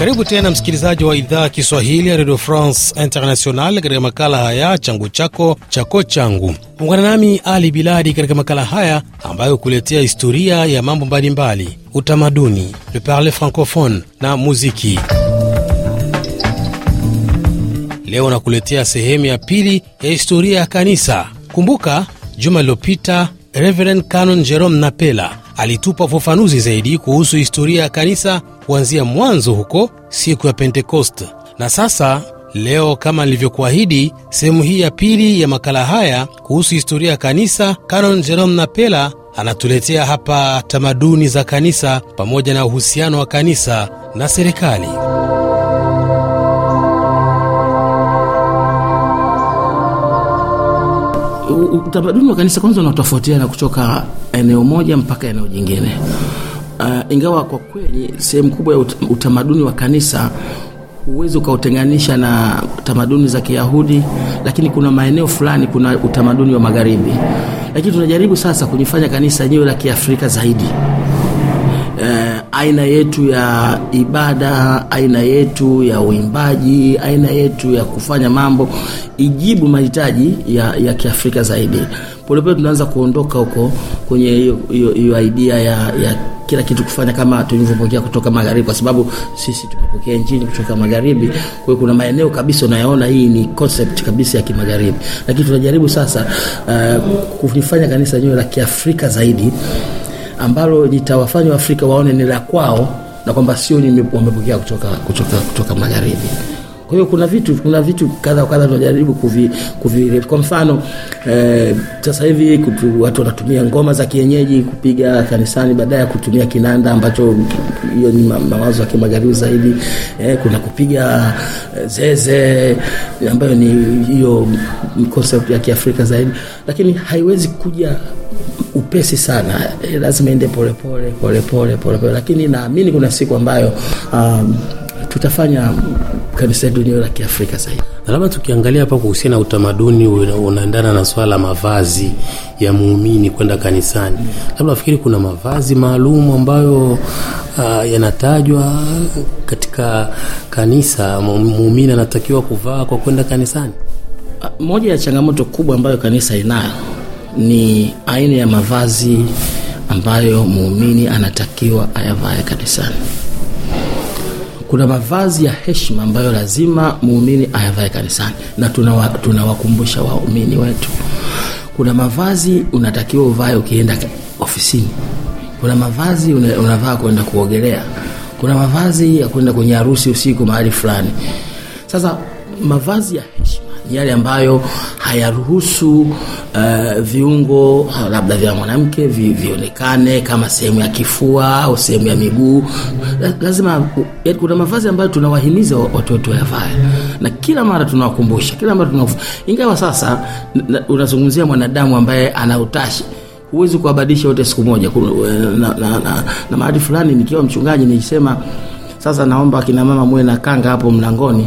Karibu tena msikilizaji wa idhaa Kiswahili ya Radio France International katika makala haya changu chako chako changu. Ungana nami Ali Biladi katika makala haya ambayo hukuletea historia ya mambo mbalimbali, utamaduni, le parle francophone na muziki. Leo nakuletea sehemu ya pili ya historia ya kanisa. Kumbuka juma lililopita Reverend Canon Jerome Napela alitupa ufafanuzi zaidi kuhusu historia ya kanisa kuanzia mwanzo huko siku ya Pentekoste. Na sasa leo, kama nilivyokuahidi, sehemu hii ya pili ya makala haya kuhusu historia ya kanisa, Canon Jerome Napela anatuletea hapa tamaduni za kanisa pamoja na uhusiano wa kanisa na serikali. utamaduni wa kanisa kwanza unatofautiana kutoka eneo moja mpaka eneo jingine. Uh, ingawa kwa kweli sehemu kubwa ya utamaduni wa kanisa huwezi ukautenganisha na tamaduni za Kiyahudi, lakini kuna maeneo fulani kuna utamaduni wa magharibi, lakini tunajaribu sasa kunifanya kanisa enyewe la Kiafrika zaidi eh, aina yetu ya ibada, aina yetu ya uimbaji, aina yetu ya kufanya mambo ijibu mahitaji ya, ya Kiafrika zaidi. Polepole tunaanza kuondoka huko kwenye hiyo idea ya, ya kila kitu kufanya kama tulivyopokea kutoka magharibi, kwa sababu sisi tumepokea injili kutoka magharibi. Kwa hiyo kuna maeneo kabisa unayaona hii ni concept kabisa ya kimagharibi, lakini tunajaribu sasa uh, eh, kufanya kanisa lenyewe la Kiafrika zaidi ambalo litawafanya Waafrika waone ni la kwao na kwamba sio wamepokea kutoka, kutoka, kutoka magharibi. Kwa hiyo kuna vitu kuna vitu kadha kadha tunajaribu kuvi, kuvi kwa mfano eh, sasa hivi watu wanatumia ngoma za kienyeji kupiga kanisani baadaye ya kutumia kinanda ambacho hiyo ni mawazo ya kimagharibi zaidi. Eh, kuna kupiga eh, zeze ambayo ni hiyo concept ya Kiafrika zaidi, lakini haiwezi kuja upesi sana, e, lazima iende polepole polepole polepole, lakini naamini kuna siku ambayo um, tutafanya kanisa letu la Kiafrika zaidi. Na labda tukiangalia hapa kuhusiana na utamaduni unaendana na swala mavazi ya muumini kwenda kanisani, labda nafikiri kuna mavazi maalum ambayo uh, yanatajwa katika kanisa muumini anatakiwa kuvaa kwa kwenda kanisani. Moja ya changamoto kubwa ambayo kanisa inayo ni aina ya mavazi ambayo muumini anatakiwa ayavae kanisani. Kuna mavazi ya heshima ambayo lazima muumini ayavae kanisani, na tunawakumbusha tuna waumini wetu. Kuna mavazi unatakiwa uvae ukienda ofisini, kuna mavazi una, unavaa kwenda kuogelea, kuna mavazi ya kwenda kwenye harusi usiku mahali fulani. Sasa mavazi ya heshima yale ambayo hayaruhusu uh, viungo labda vya mwanamke vi, vionekane kama sehemu ya kifua au sehemu ya miguu. Lazima kuna mavazi ambayo tunawahimiza watu wetu wayavae, na kila mara tunawakumbusha, kila mara tunawafu. Ingawa sasa unazungumzia mwanadamu ambaye ana utashi huwezi kuwabadilisha wote siku moja eh, na, na, na, na mahali fulani nikiwa mchungaji nikisema sasa naomba kinamama muwe na kanga hapo mlangoni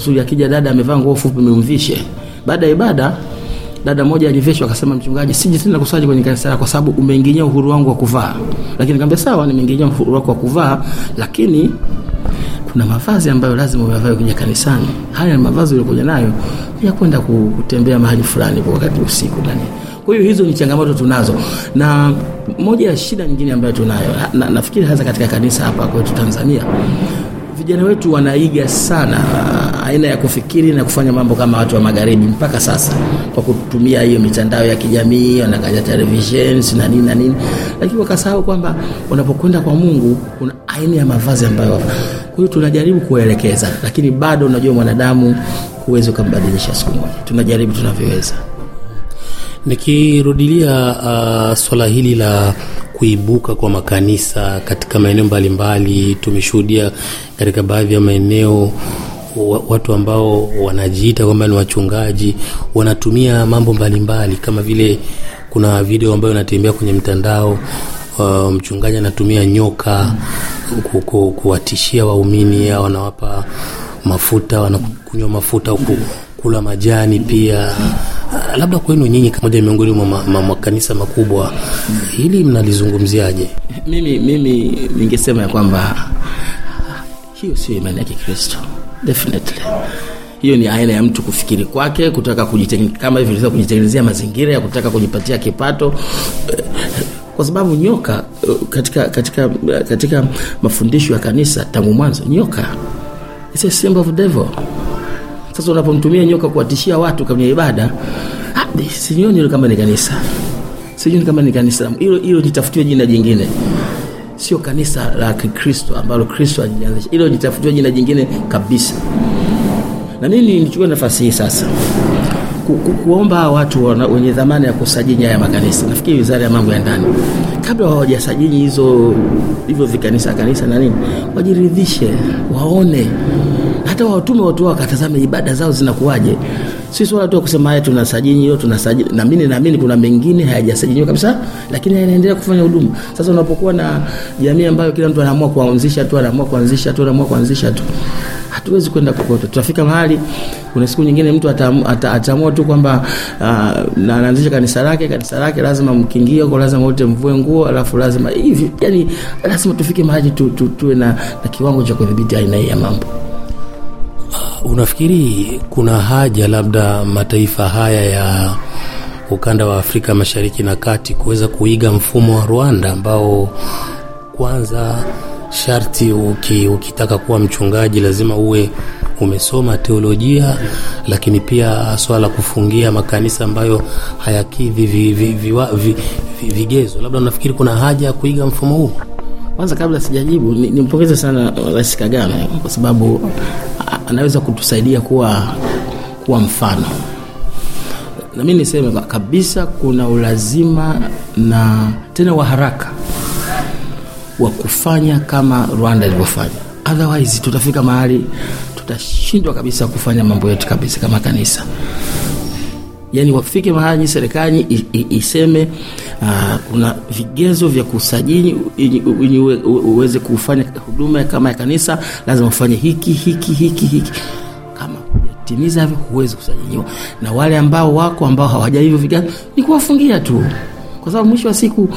kusudi akija dada amevaa nguo fupi umemvishe. Baada ya ibada dada mmoja alivishwa akasema, mchungaji, siji tena kusali kwenye kanisa lako kwa sababu umeingilia uhuru wangu wa kuvaa. Lakini nikamwambia sawa, nimeingilia uhuru wako wa kuvaa, lakini kuna mavazi ambayo lazima uyavae kwenye kanisani. Haya ni mavazi uliokuja nayo ya kwenda kutembea mahali fulani kwa wakati usiku ndani. Kwa hiyo hizo ni changamoto tunazo, na moja ya shida nyingine ambayo tunayo na, nafikiri hasa katika kanisa hapa kwetu Tanzania, vijana wetu wanaiga sana aina ya kufikiri na kufanya mambo kama watu wa magharibi mpaka sasa, kwa kutumia hiyo mitandao ya kijamii, wanaangalia television na nini na nini, lakini wakasahau kwamba unapokwenda kwa Mungu kuna aina ya mavazi ambayo wafa. Kwa hiyo tunajaribu kuelekeza, lakini bado unajua mwanadamu huwezi ukambadilisha siku moja, tunajaribu tunavyoweza. Nikirudilia uh, swala hili la kuibuka kwa makanisa katika maeneo mbalimbali, tumeshuhudia katika baadhi ya maeneo watu ambao wanajiita kwamba ni wachungaji wanatumia mambo mbalimbali mbali, kama vile kuna video ambayo inatembea kwenye mtandao uh, mchungaji anatumia nyoka kuku, kuwatishia waumini au wanawapa mafuta wanakunywa mafuta huku kula majani pia. Uh, labda kwenu nyinyi kama moja miongoni mwa makanisa makubwa hili mnalizungumziaje? Mimi mimi ningesema ya kwamba hiyo sio imani ya Kikristo definitely hiyo ni aina ya mtu kufikiri kwake kutaka kama hivyo kujitengenezea mazingira ya kutaka kujipatia kipato kwa sababu nyoka katika katika katika mafundisho ya kanisa tangu mwanzo nyoka it's a symbol of devil sasa unapomtumia nyoka kuwatishia watu kwenye ibada ah, sioni kama ni kanisa sioni kama ni kanisa hilo hilo jitafutiwe jina jingine sio kanisa la Kikristo ambalo Kristo alijalisha, hilo jitafutiwa jina jingine kabisa. Na mimi nilichukua nafasi hii sasa ku, ku, kuomba watu wenye dhamana ya kusajili haya makanisa, nafikiri wizara ya mambo ya ndani, kabla hawajasajili hizo hivyo vikanisa kanisa na nini, wajiridhishe, waone hata watume watu wao wakatazama ibada zao zinakuwaje Si swala tu kusema haya tunasajili tunasajili na mimi naamini kuna mengine hayajasajiliwa kabisa lakini yanaendelea kufanya huduma sasa unapokuwa na jamii ambayo kila mtu anaamua kuanzisha tu anaamua kuanzisha tu anaamua kuanzisha tu hatuwezi kwenda kokote tutafika mahali kuna siku nyingine mtu ataamua tu kwamba uh, na anaanzisha kanisa lake kanisa lake lazima mkingie huko lazima wote mvue nguo alafu lazima hivi yani lazima tufike mahali tu, tu, tuwe na, na kiwango cha kudhibiti aina hii ya mambo Unafikiri kuna haja labda mataifa haya ya ukanda wa Afrika Mashariki na Kati kuweza kuiga mfumo wa Rwanda ambao kwanza sharti uki, ukitaka kuwa mchungaji lazima uwe umesoma teolojia, lakini pia swala kufungia makanisa ambayo hayakidhi vigezo. Labda unafikiri kuna haja ya kuiga mfumo huu? Kwanza kabla sijajibu, nimpongeze ni sana Rais Kagame kwa sababu anaweza kutusaidia kuwa, kuwa mfano na mi niseme kabisa kuna ulazima na tena wa haraka wa kufanya kama Rwanda ilivyofanya, otherwise tutafika mahali tutashindwa kabisa kufanya mambo yetu kabisa kama kanisa yani wafike mahali serikali iseme aa, ah, kuna vigezo vya kusajili ili uweze kufanya huduma kama ya kanisa, lazima ufanye hiki hiki hiki hiki. Kama hujatimiza hivyo, huwezi kusajiliwa. Na wale ambao wako ambao hawaja hivyo vigezo, ni kuwafungia tu, kwa sababu mwisho wa siku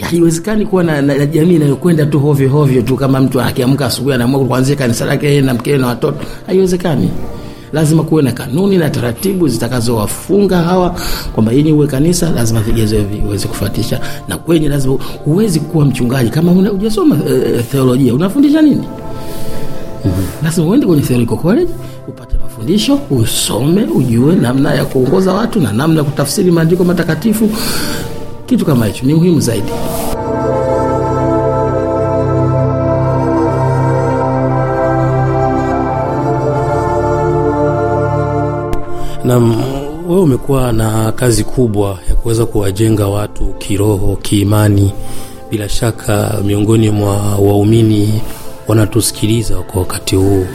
haiwezekani kuwa na, na, na jamii inayokwenda tu hovyo hovyo tu, kama mtu akiamka asubuhi anaamua kuanzia kanisa lake na mkewe na watoto, haiwezekani lazima kuwe na kanuni na taratibu zitakazowafunga hawa kwamba yinyi uwe kanisa lazima vigezo hivi uweze kufuatisha, na kwenye lazima huwezi kuwa mchungaji kama hujasoma e, theolojia. Unafundisha nini? Mm-hmm. Lazima uende kwenye theological college upate mafundisho, usome, ujue namna ya kuongoza watu na namna ya kutafsiri maandiko matakatifu. Kitu kama hicho ni muhimu zaidi. na wewe umekuwa na kazi kubwa ya kuweza kuwajenga watu kiroho, kiimani. Bila shaka miongoni mwa waumini wanatusikiliza kwa wakati huu,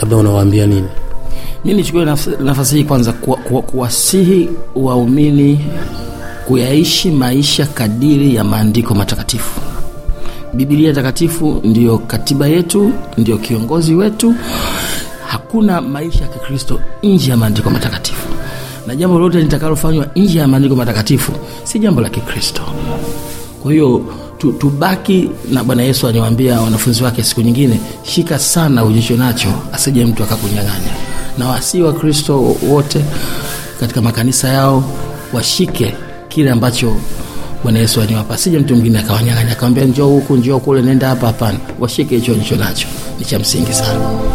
labda unawaambia nini? Mi nichukue nafasi hii kwanza kuwasihi kuwa waumini kuyaishi maisha kadiri ya maandiko matakatifu. bibilia takatifu ndiyo katiba yetu, ndiyo kiongozi wetu Hakuna maisha ya Kikristo nje ya maandiko matakatifu, na jambo lolote litakalofanywa nje ya maandiko matakatifu si jambo la Kikristo. Kwa hiyo tubaki na Bwana Yesu aliwaambia wanafunzi wake siku nyingine, shika sana ujicho nacho, asije mtu akakunyang'anya. Na wasii wa Kristo wote katika makanisa yao washike kile ambacho Bwana Yesu aliwapa, sije mtu mwingine akawanyang'anya, akawambia njoo huku, njoo kule, nenda hapa. Hapana, washike hicho ulicho nacho, ni cha msingi sana.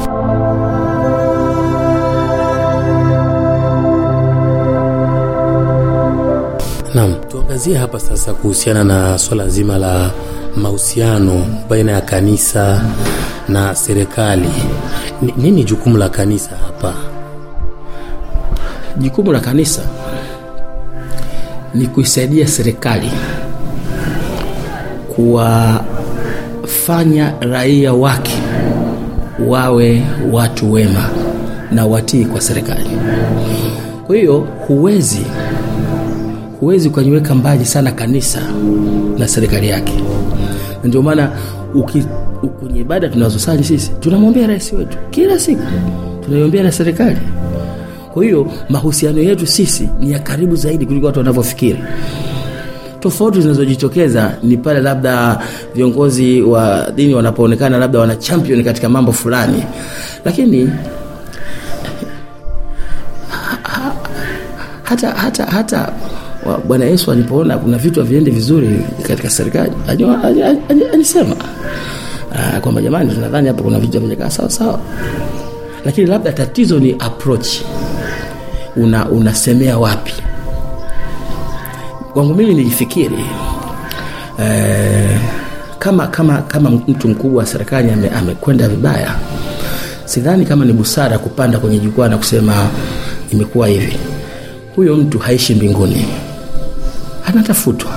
Naam, tuangazie hapa sasa kuhusiana na swala zima la mahusiano baina ya kanisa na serikali. nini jukumu la kanisa hapa? Jukumu la kanisa ni kuisaidia serikali kuwafanya raia wake wawe watu wema na watii kwa serikali. Kwa hiyo huwezi huwezi ukaniweka mbali sana kanisa na serikali yake. Ndio maana kwenye ibada tunazosali sisi tunamwombea rais wetu kila siku, tunaiombea na serikali. Kwa hiyo mahusiano yetu sisi ni ya karibu zaidi kuliko watu wanavyofikiri. Tofauti zinazojitokeza ni pale labda viongozi wa dini wanapoonekana labda wana champion katika mambo fulani, lakini hata hata hata Bwana Yesu alipoona kuna vitu haviende vizuri katika serikali alisema ah, kwamba jamani, tunadhani hapa kuna vitu havijakaa sawa sawa, lakini labda tatizo ni approach, una unasemea wapi? Kwangu mimi nilifikiri eh, kama kama kama mtu mkubwa wa serikali amekwenda ame vibaya, sidhani kama ni busara kupanda kwenye jukwaa na kusema imekuwa hivi. Huyo mtu haishi mbinguni anatafutwa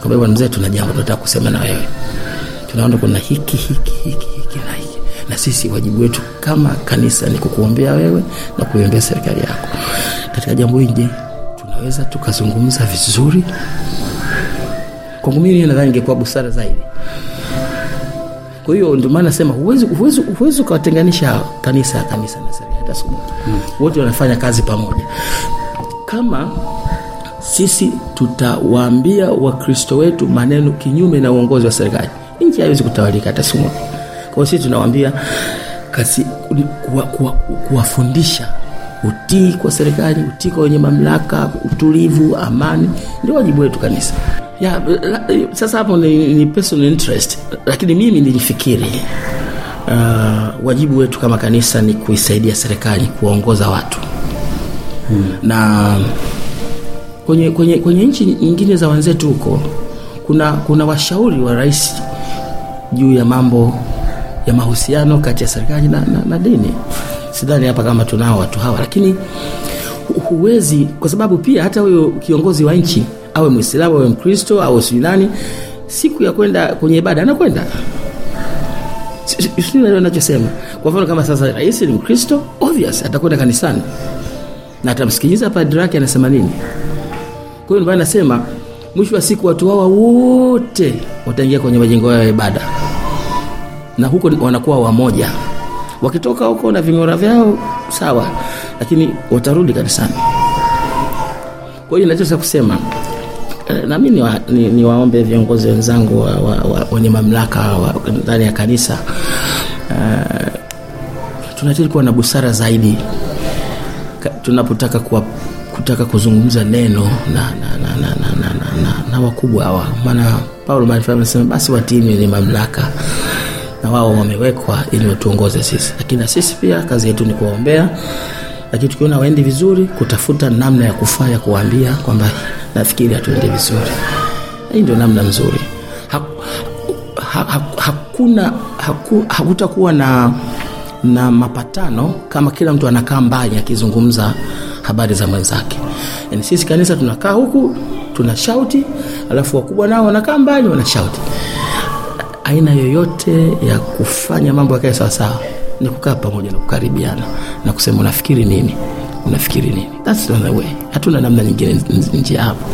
kwamba bwana mzee, tuna jambo tunataka kusema na wewe, tunaona kuna hiki hiki hiki hiki na hiki, na sisi wajibu wetu kama kanisa ni kukuombea wewe na kuiombea serikali yako katika jambo hili. Je, tunaweza tukazungumza vizuri? Kwangu mimi nadhani ingekuwa busara zaidi. Kwa hiyo ndio maana nasema huwezi huwezi huwezi ukawatenganisha kanisa ya kanisa na serikali hata siku moja. Hmm. Wote wanafanya kazi pamoja kama sisi tutawaambia wakristo wetu maneno kinyume na uongozi wa serikali nchi haiwezi kutawalika hata siku moja kwa hiyo sisi tunawaambia kuwafundisha kuwa, kuwa utii kwa serikali utii kwa wenye mamlaka utulivu amani ndio wajibu wetu kanisa ya, la, sasa hapo ni, ni personal interest lakini mimi nilifikiri uh, wajibu wetu kama kanisa ni kuisaidia serikali kuwaongoza watu hmm. na kwenye, kwenye, kwenye nchi nyingine za wenzetu huko kuna, kuna washauri wa rais juu ya mambo ya mahusiano kati ya serikali na, na, na dini. Sidhani hapa kama tunao watu hawa, lakini huwezi, kwa sababu pia hata huyo kiongozi wa nchi awe Mwislamu awe Mkristo au sijui nani, siku ya kwenda kwenye ibada anakwenda anachosema. Kwa mfano kama sasa rais ni Mkristo, obvious atakwenda kanisani na atamsikiliza padri wake anasema nini kwa hiyo anasema mwisho wa siku watu hawa wote wataingia kwenye majengo yao ya ibada, na huko wanakuwa wamoja. Wakitoka huko na ving'ora vyao sawa, lakini watarudi kanisani. Kwa hiyo nachoweza kusema eh, nami niwaombe ni, ni viongozi wenzangu wa, wa, wa, wenye mamlaka ndani ya kanisa uh, eh, tunatili kuwa na busara zaidi tunapotaka kuwa kutaka kuzungumza neno na na na na na, na, na, na, na wakubwa hawa maana paulo maarifa amesema basi watii wenye mamlaka na wao wamewekwa ili watuongoze sisi lakini na sisi pia kazi yetu ni kuwaombea lakini tukiona waendi vizuri kutafuta namna ya kufaa ya kuwaambia kwamba nafikiri hatuende vizuri hii ndio namna mzuri ha, ha, ha, hakuna haku, hakutakuwa na na mapatano kama kila mtu anakaa mbali akizungumza habari za mwenzake. Yani sisi kanisa tunakaa huku tuna shauti, alafu wakubwa nao wanakaa mbali wana shauti. Aina yoyote ya kufanya mambo yakae sawasawa ni kukaa pamoja na kukaribiana na kusema unafikiri nini, unafikiri nini. That's the way. Hatuna namna nyingine nje hapo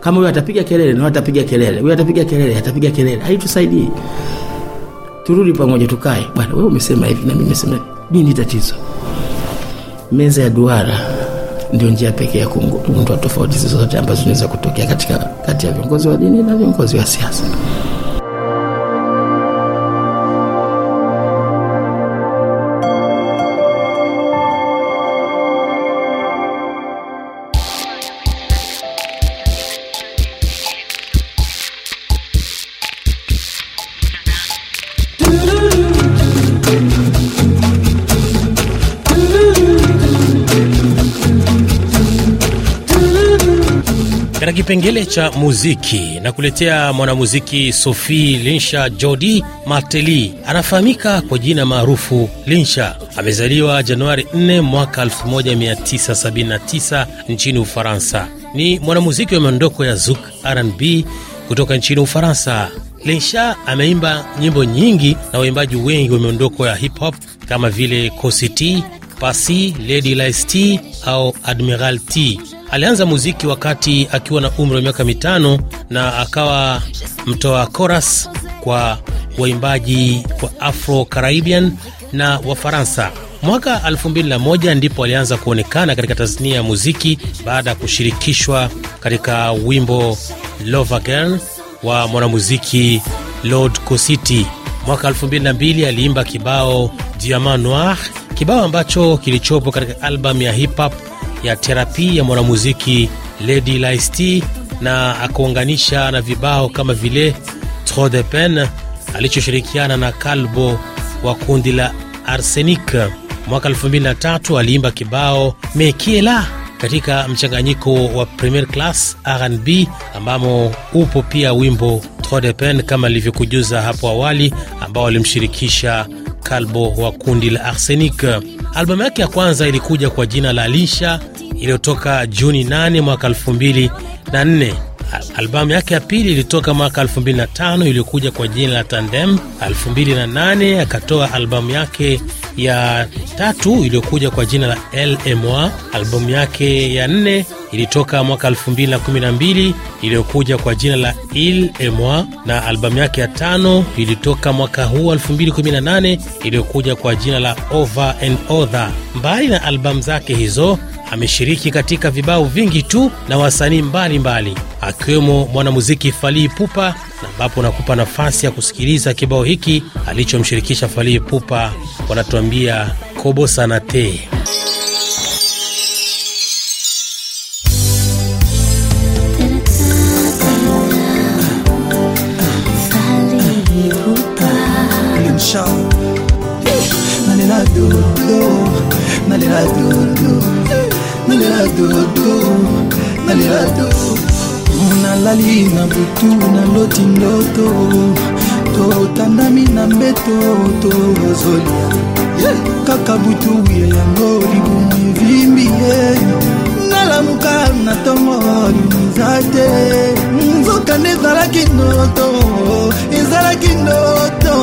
kama huyo atapiga kelele na atapiga kelele huyo atapiga kelele atapiga kelele haitusaidii turudi pamoja tukae bwana wewe umesema hivi na mimi nimesema nini tatizo meza ya duara ndio njia pekee ya kugundua tofauti zozote ambazo zinaweza kutokea katika kati ya viongozi wa dini na viongozi wa siasa. Katika kipengele cha muziki na kuletea mwanamuziki Sophie Linsha Jodi Marteli, anafahamika kwa jina maarufu Linsha. Amezaliwa Januari 4 mwaka 1979 nchini Ufaransa. Ni mwanamuziki wa miondoko ya Zouk RnB kutoka nchini Ufaransa. Linsha ameimba nyimbo nyingi na waimbaji wengi wa miondoko ya hip hop kama vile Kosi T, Pasi, Lady Lies au Admiral T. Alianza muziki wakati akiwa na umri wa miaka mitano na akawa mtoa koras kwa waimbaji wa Afro Caribbean na Wafaransa. Mwaka 2001 ndipo alianza kuonekana katika tasnia ya muziki baada ya kushirikishwa katika wimbo Love Again wa mwanamuziki Lord cosity Mwaka 2002 aliimba kibao Diamant Noir, kibao ambacho kilichopo katika albamu ya hip hop ya terapi ya mwanamuziki Lady Lyst na akaunganisha na vibao kama vile Trop de Pen alichoshirikiana na Kalbo wa kundi la Arsenic. Mwaka 2003 aliimba kibao Mekiela katika mchanganyiko wa Premier Class R&B ambamo upo pia wimbo Trop de Pen kama alivyokujuza hapo awali, ambao alimshirikisha Kalbo wa kundi la Arsenic. Albamu yake ya kwanza ilikuja kwa jina la Lisha iliyotoka Juni 8 mwaka 2004. Albamu yake ya pili ilitoka mwaka 2005 iliyokuja kwa jina la Tandem. 2008 akatoa albamu yake ya tatu iliyokuja kwa jina la LMA. Albamu yake ya nne ilitoka mwaka 212 iliyokuja kwa jina la Il na albamu yake ya tano ilitoka mwaka huu 218 iliyokuja kwa jina la Over and Other. Mbali na albamu zake hizo, ameshiriki katika vibao vingi tu na wasanii mbalimbali akiwemo mwanamuziki Falii pupa na ambapo nakupa nafasi ya kusikiliza kibao hiki alichomshirikisha Falii pupa wanatuambia kobo sanate. Nalela nalali na butu naloti ndoto totandami na mbeto tozolia kaka butu ya yango libumu evimbi ye nalamuka na ntongo limiza te nzoka nde ezalaki ndoto ezalaki ndoto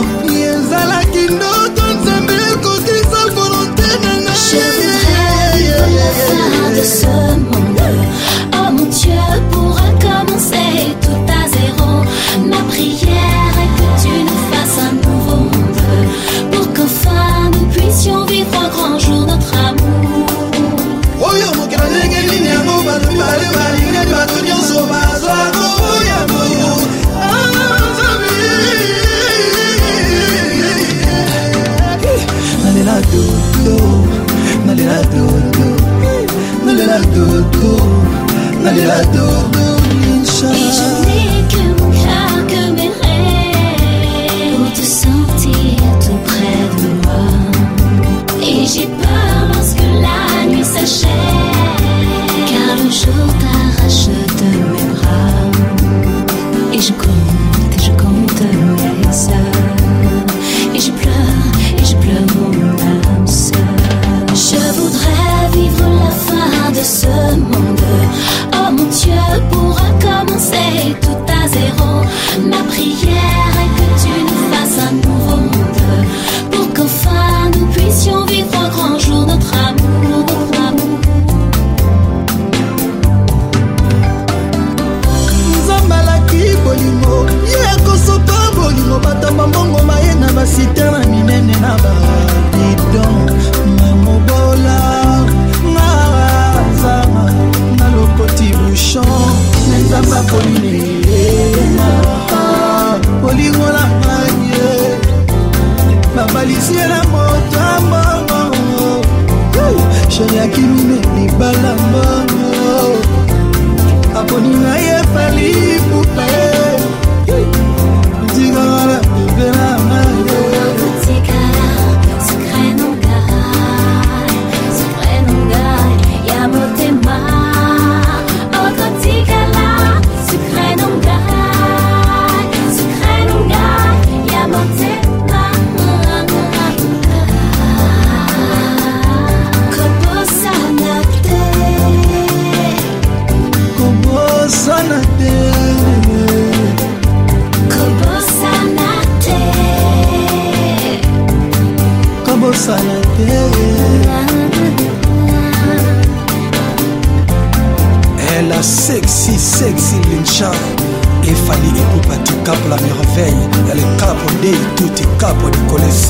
ezalaki ndoto nzambe ekotisa volonté na ngai Je de mes bras et je cours.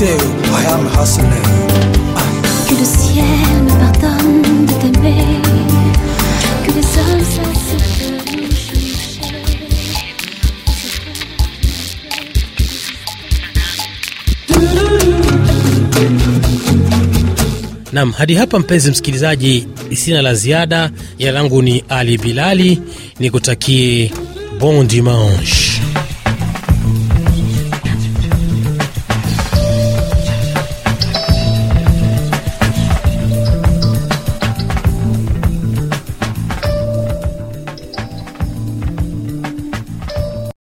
I am Que le ciel me pardonne de t'aimer. Que les hommes Nam, hadi hapa mpenzi msikilizaji, sina la ziada. Jina langu ni Ali Bilali, nikutakie bon dimanche.